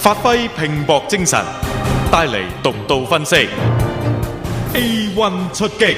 發揮拼搏精神，帶嚟獨到分析。A one 出擊，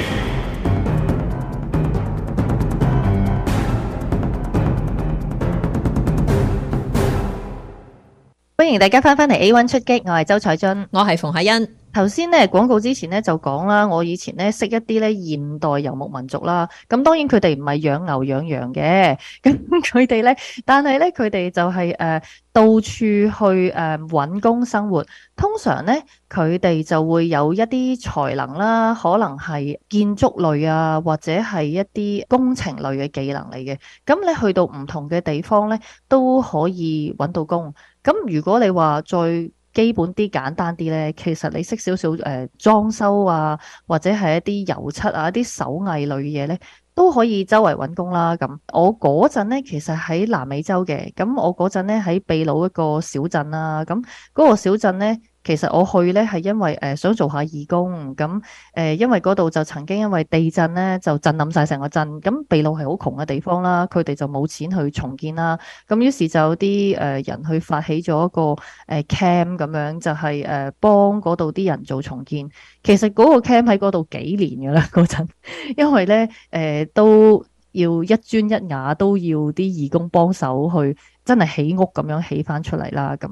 歡迎大家翻返嚟 A one 出擊，我係周彩俊，我係馮海恩。頭先咧廣告之前咧就講啦，我以前咧識一啲咧現代遊牧民族啦，咁當然佢哋唔係養牛養羊嘅，咁佢哋咧，但係咧佢哋就係、是、誒、呃、到處去誒搵、呃、工生活。通常咧佢哋就會有一啲才能啦，可能係建築類啊，或者係一啲工程類嘅技能嚟嘅。咁你去到唔同嘅地方咧都可以搵到工。咁如果你話再基本啲簡單啲咧，其實你識少少誒裝修啊，或者係一啲油漆啊、一啲手藝類嘅嘢咧，都可以周圍揾工啦。咁我嗰陣咧，其實喺南美洲嘅，咁我嗰陣咧喺秘魯一個小鎮啦、啊，咁、那、嗰個小鎮咧。其實我去咧係因為誒想做下義工，咁誒因為嗰度就曾經因為地震咧就震冧晒成個鎮，咁秘魯係好窮嘅地方啦，佢哋就冇錢去重建啦，咁於是就有啲誒人去發起咗一個誒 camp 咁樣，就係誒幫嗰度啲人做重建。其實嗰個 camp 喺嗰度幾年噶啦嗰陣，因為咧誒、呃、都要一磚一瓦都要啲義工幫手去真係起屋咁樣起翻出嚟啦咁。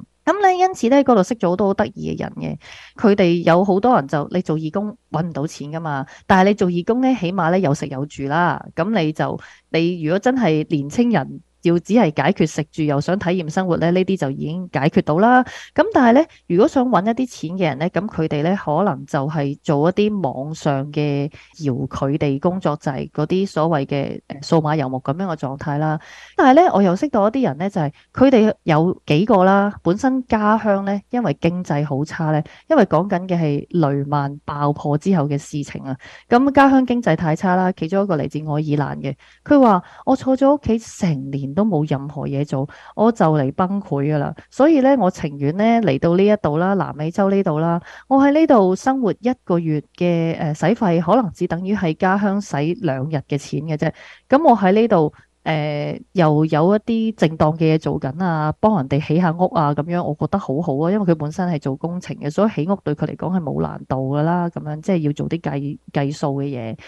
因此呢，嗰度識咗好多好得意嘅人嘅，佢哋有好多人就你做義工揾唔到錢㗎嘛，但係你做義工呢，起碼呢有食有住啦，咁你就你如果真係年青人。要只係解決食住又想體驗生活咧，呢啲就已經解決到啦。咁但係呢，如果想揾一啲錢嘅人呢，咁佢哋呢，可能就係做一啲網上嘅遙距嘅工作制，就係嗰啲所謂嘅、呃、數碼遊牧咁樣嘅狀態啦。但係呢，我又認識到一啲人呢，就係佢哋有幾個啦，本身家鄉呢，因為經濟好差呢，因為講緊嘅係雷曼爆破之後嘅事情啊。咁家鄉經濟太差啦，其中一個嚟自愛爾蘭嘅，佢話我坐咗屋企成年，都冇任何嘢做，我就嚟崩潰噶啦！所以咧，我情願咧嚟到呢一度啦，南美洲呢度啦，我喺呢度生活一個月嘅誒，使費可能只等於係家鄉使兩日嘅錢嘅啫。咁我喺呢度誒，又有一啲正當嘅嘢做緊啊，幫人哋起下屋啊，咁樣我覺得好好啊，因為佢本身係做工程嘅，所以起屋對佢嚟講係冇難度噶啦。咁樣即係要做啲計計數嘅嘢。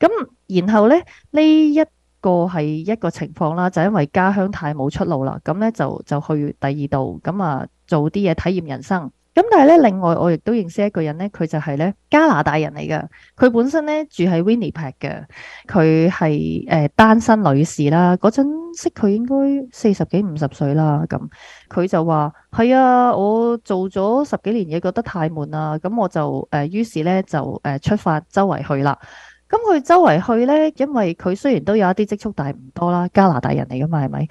咁然後咧呢一一個係一個情況啦，就因為家鄉太冇出路啦，咁咧就就去第二度咁啊，做啲嘢體驗人生。咁但係咧，另外我亦都認識一個人咧，佢就係咧加拿大人嚟嘅，佢本身咧住喺 Winnipeg 嘅，佢係誒單身女士啦。嗰陣識佢應該四十幾五十歲啦，咁佢就話：係啊，我做咗十幾年嘢，覺得太悶啦，咁我就誒於、呃、是咧就誒出發周圍去啦。咁佢周圍去咧，因為佢雖然都有一啲積蓄，但係唔多啦。加拿大人嚟噶嘛，係咪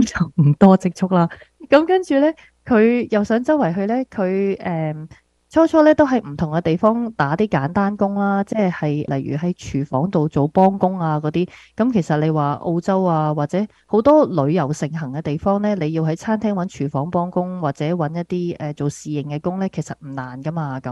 咁就唔多積蓄啦？咁跟住咧，佢又想周圍去咧，佢誒初初咧都喺唔同嘅地方打啲簡單工啦，即係例如喺廚房度做幫工啊嗰啲，咁其實你話澳洲啊或者好多旅遊盛行嘅地方呢，你要喺餐廳揾廚房幫工或者揾一啲、呃、做侍應嘅工呢，其實唔難噶嘛咁，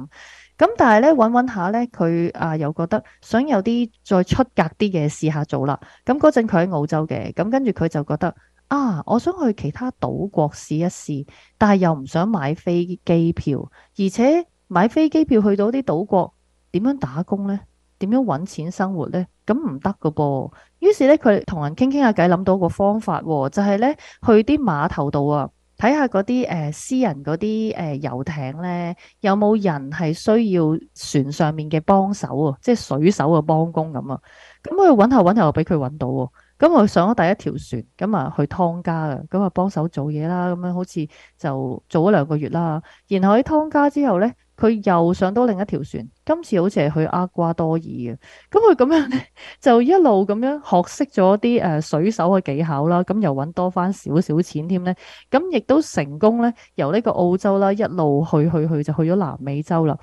咁但係呢，揾揾下呢，佢啊又覺得想有啲再出格啲嘅試下做啦，咁嗰陣佢喺澳洲嘅，咁跟住佢就覺得。啊！我想去其他島國試一試，但係又唔想買飛機票，而且買飛機票去到啲島國，點樣打工呢？點樣搵錢生活呢？咁唔得噶噃。於是呢，佢同人傾傾下偈，諗到個方法，就係呢：去啲碼頭度啊，睇下嗰啲誒私人嗰啲誒遊艇呢，有冇人係需要船上面嘅幫手啊？即係水手嘅幫工咁啊？咁佢搵下搵下，俾佢搵到。咁我上咗第一條船，咁啊去湯加嘅，咁啊幫手做嘢啦，咁樣好似就做咗兩個月啦。然後喺湯加之後呢，佢又上到另一條船，今次好似係去厄瓜多爾嘅。咁佢咁樣呢就一路咁樣學識咗啲水手嘅技巧啦，咁又揾多翻少少錢添呢。咁亦都成功呢，由呢個澳洲啦一路去去去就去咗南美洲啦。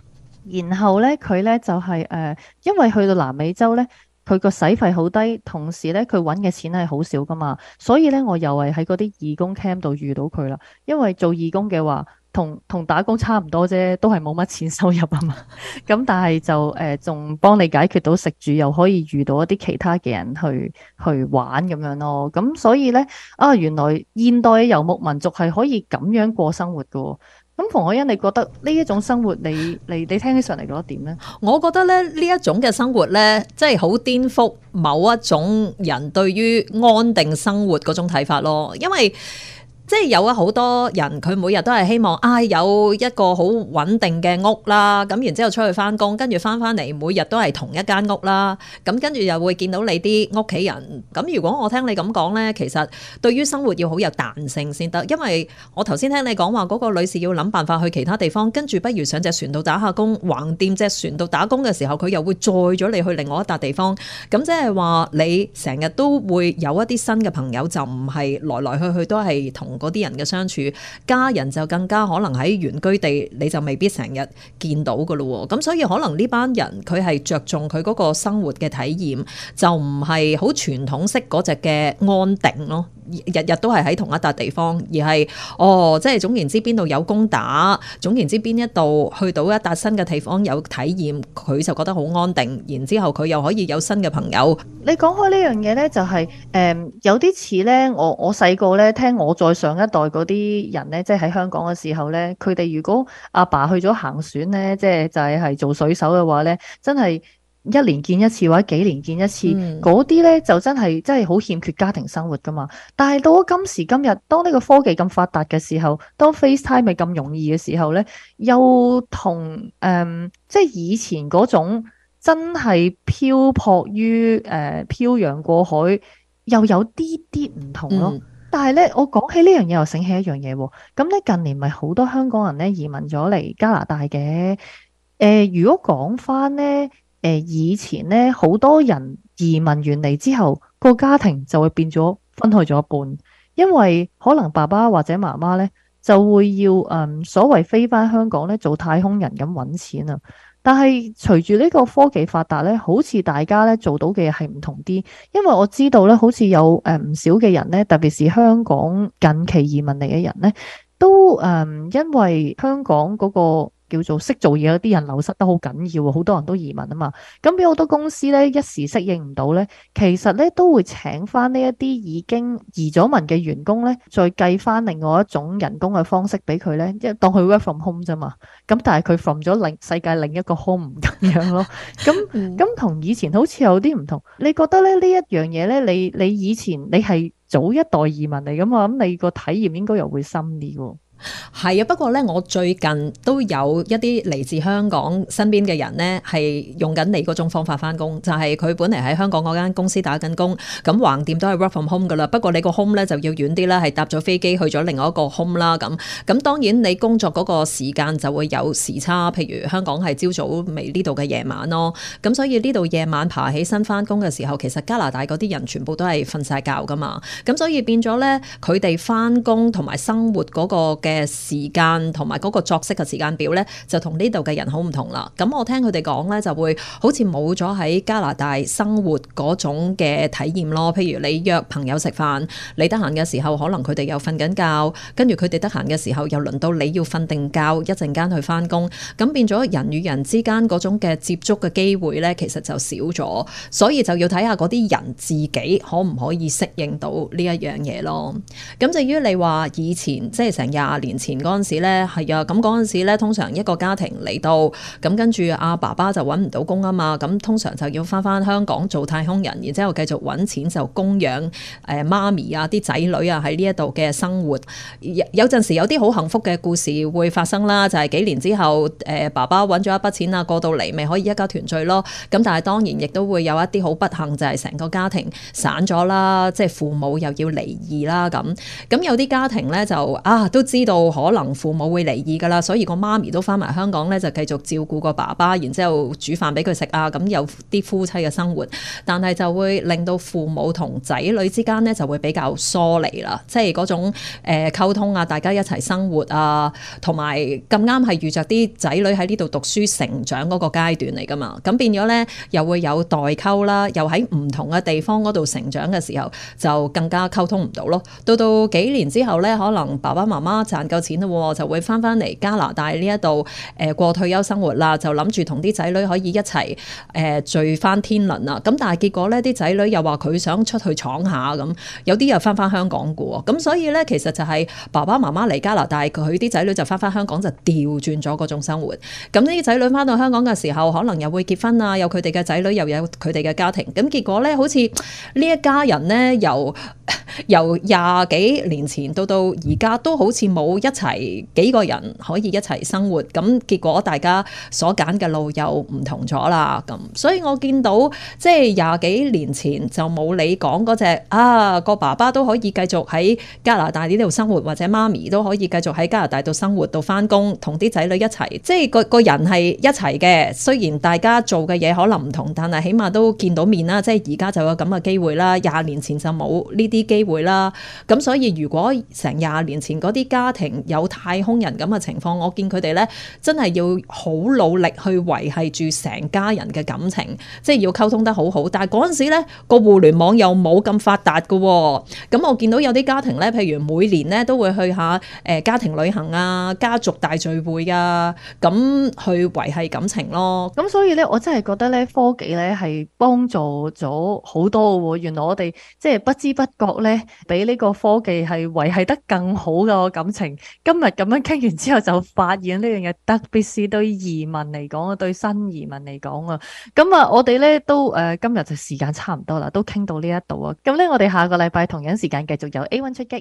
然後呢，佢呢就係、是、誒、呃，因為去到南美洲呢。佢個使費好低，同時咧佢揾嘅錢係好少噶嘛，所以咧我又係喺嗰啲義工 camp 度遇到佢啦，因為做義工嘅話。同同打工差唔多啫，都係冇乜錢收入啊嘛。咁但係就誒，仲、呃、幫你解決到食住，又可以遇到一啲其他嘅人去去玩咁樣咯。咁所以呢，啊，原來現代遊牧民族係可以咁樣過生活噶。咁馮可欣，你覺得呢一種生活你，你你你聽起上嚟覺得點呢？我覺得咧呢一種嘅生活呢，即係好顛覆某一種人對於安定生活嗰種睇法咯，因為。即係有啊！好多人佢每日都係希望啊，有一個好穩定嘅屋啦。咁然之後出去翻工，跟住翻翻嚟，每日都係同一間屋啦。咁跟住又會見到你啲屋企人。咁如果我聽你咁講咧，其實對於生活要好有彈性先得，因為我頭先聽你講話嗰個女士要諗辦法去其他地方，跟住不如上隻船度打下工，橫掂隻船度打工嘅時候，佢又會載咗你去另外一笪地方。咁即係話你成日都會有一啲新嘅朋友，就唔係來來去去都係同一。嗰啲人嘅相處，家人就更加可能喺原居地，你就未必成日見到噶咯。咁所以可能呢班人佢係着重佢嗰個生活嘅體驗，就唔係好傳統式嗰隻嘅安定咯。日日都係喺同一笪地方，而係哦，即係總言之，邊度有工打，總言之，邊一度去到一笪新嘅地方有體驗，佢就覺得好安定。然之後佢又可以有新嘅朋友。你講開呢樣嘢呢，就係誒有啲似呢。我我細個呢，聽我在上一代嗰啲人呢，即係喺香港嘅時候呢，佢哋如果阿爸去咗行船呢，即係就係做水手嘅話呢，真係一年見一次或者幾年見一次，嗰啲呢，就真係真係好欠缺家庭生活噶嘛。但係到今時今日，當呢個科技咁發達嘅時候，當 FaceTime 咪咁容易嘅時候呢，又同誒即係以前嗰種。真係漂泊於誒漂洋過海，又有啲啲唔同咯。嗯、但係咧，我講起呢樣嘢又醒起一樣嘢喎。咁、嗯、咧近年咪好多香港人咧移民咗嚟加拿大嘅、呃。如果講翻咧，以前咧，好多人移民完嚟之後，個家庭就會變咗分開咗一半，因為可能爸爸或者媽媽咧就會要誒、呃、所謂飛翻香港咧做太空人咁揾錢啊。但係隨住呢個科技發達咧，好似大家咧做到嘅係唔同啲，因為我知道咧，好似有誒唔少嘅人咧，特別是香港近期移民嚟嘅人咧，都誒因為香港嗰個。叫做識做嘢嗰啲人流失得好緊要喎，好多人都移民啊嘛。咁俾好多公司咧，一時適應唔到咧，其實咧都會請翻呢一啲已經移咗民嘅員工咧，再計翻另外一種人工嘅方式俾佢咧，即係當佢 work from home 啫嘛。咁但係佢 from 咗另世界另一個 home 咁樣咯。咁咁同以前好似有啲唔同。你覺得咧呢一樣嘢咧，你你以前你係早一代移民嚟㗎嘛，咁你個體驗應該又會深啲喎。係啊，不過咧，我最近都有一啲嚟自香港身邊嘅人咧，係用緊你嗰種方法翻工，就係佢本嚟喺香港嗰間公司打緊工，咁橫掂都係 work from home 噶啦。不過你個 home 咧就要遠啲啦，係搭咗飛機去咗另外一個 home 啦。咁咁當然你工作嗰個時間就會有時差，譬如香港係朝早，未呢度嘅夜晚咯。咁所以呢度夜晚爬起身翻工嘅時候，其實加拿大嗰啲人全部都係瞓晒覺噶嘛。咁所以變咗咧，佢哋翻工同埋生活嗰個。嘅時間同埋嗰個作息嘅時間表呢，就跟這裡的同呢度嘅人好唔同啦。咁我聽佢哋講呢，就會好似冇咗喺加拿大生活嗰種嘅體驗咯。譬如你約朋友食飯，你得閒嘅時候，可能佢哋又瞓緊覺，跟住佢哋得閒嘅時候，又輪到你要瞓定覺，一陣間去返工。咁變咗人與人之間嗰種嘅接觸嘅機會呢，其實就少咗。所以就要睇下嗰啲人自己可唔可以適應到呢一樣嘢咯。咁至於你話以前即係成日，就是年前嗰陣時咧，係啊，咁嗰陣時咧，通常一個家庭嚟到，咁跟住阿爸爸就揾唔到工啊嘛，咁通常就要翻翻香港做太空人，然之後繼續揾錢就供養誒媽咪啊啲仔女啊喺呢一度嘅生活。有陣時有啲好幸福嘅故事會發生啦，就係幾年之後誒爸爸揾咗一筆錢啊過到嚟，咪可以一家團聚咯。咁但係當然亦都會有一啲好不幸，就係成個家庭散咗啦，即係父母又要離異啦咁。咁有啲家庭咧就啊都知。到可能父母會離異噶啦，所以個媽咪都翻埋香港咧，就繼續照顧個爸爸，然之後煮飯俾佢食啊，咁有啲夫妻嘅生活，但係就會令到父母同仔女之間咧就會比較疏離啦，即係嗰種誒溝通啊，大家一齊生活啊，同埋咁啱係遇着啲仔女喺呢度讀書成長嗰個階段嚟噶嘛，咁變咗咧又會有代溝啦，又喺唔同嘅地方嗰度成長嘅時候就更加溝通唔到咯，到到幾年之後咧，可能爸爸媽媽就。賺夠錢咯，就會翻翻嚟加拿大呢一度誒過退休生活啦，就諗住同啲仔女可以一齊誒、呃、聚翻天倫啦。咁但係結果咧，啲仔女又話佢想出去闖下咁，有啲又翻翻香港嘅。咁所以咧，其實就係爸爸媽媽嚟加拿大，佢啲仔女就翻翻香港就調轉咗嗰種生活。咁呢啲仔女翻到香港嘅時候，可能又會結婚啊，有佢哋嘅仔女，又有佢哋嘅家庭。咁結果咧，好似呢一家人咧，由 由廿幾年前到到而家都好似冇。冇一齊幾個人可以一齊生活，咁結果大家所揀嘅路又唔同咗啦。咁所以我見到即係廿幾年前就冇你講嗰隻啊，個爸爸都可以繼續喺加拿大呢度生活，或者媽咪都可以繼續喺加拿大度生活到翻工，同啲仔女一齊，即係個個人係一齊嘅。雖然大家做嘅嘢可能唔同，但係起碼都見到面啦。即係而家就有咁嘅機會啦，廿年前就冇呢啲機會啦。咁所以如果成廿年前嗰啲家庭有太空人咁嘅情況，我見佢哋咧真係要好努力去維繫住成家人嘅感情，即係要溝通得好好。但係陣時咧個互聯網又冇咁發達嘅，咁我見到有啲家庭咧，譬如每年咧都會去下誒家庭旅行啊、家族大聚會啊，咁去維繫感情咯。咁所以咧，我真係覺得咧科技咧係幫助咗好多嘅。原來我哋即係不知不覺咧，俾呢個科技係維繫得更好嘅感情。今日咁樣傾完之後，就發現呢樣嘢，特別是對移民嚟講啊，對新移民嚟講啊，咁啊，我哋咧都誒、呃，今日就時間差唔多啦，都傾到呢一度啊，咁咧，我哋下個禮拜同樣時間繼續有《A One》出擊。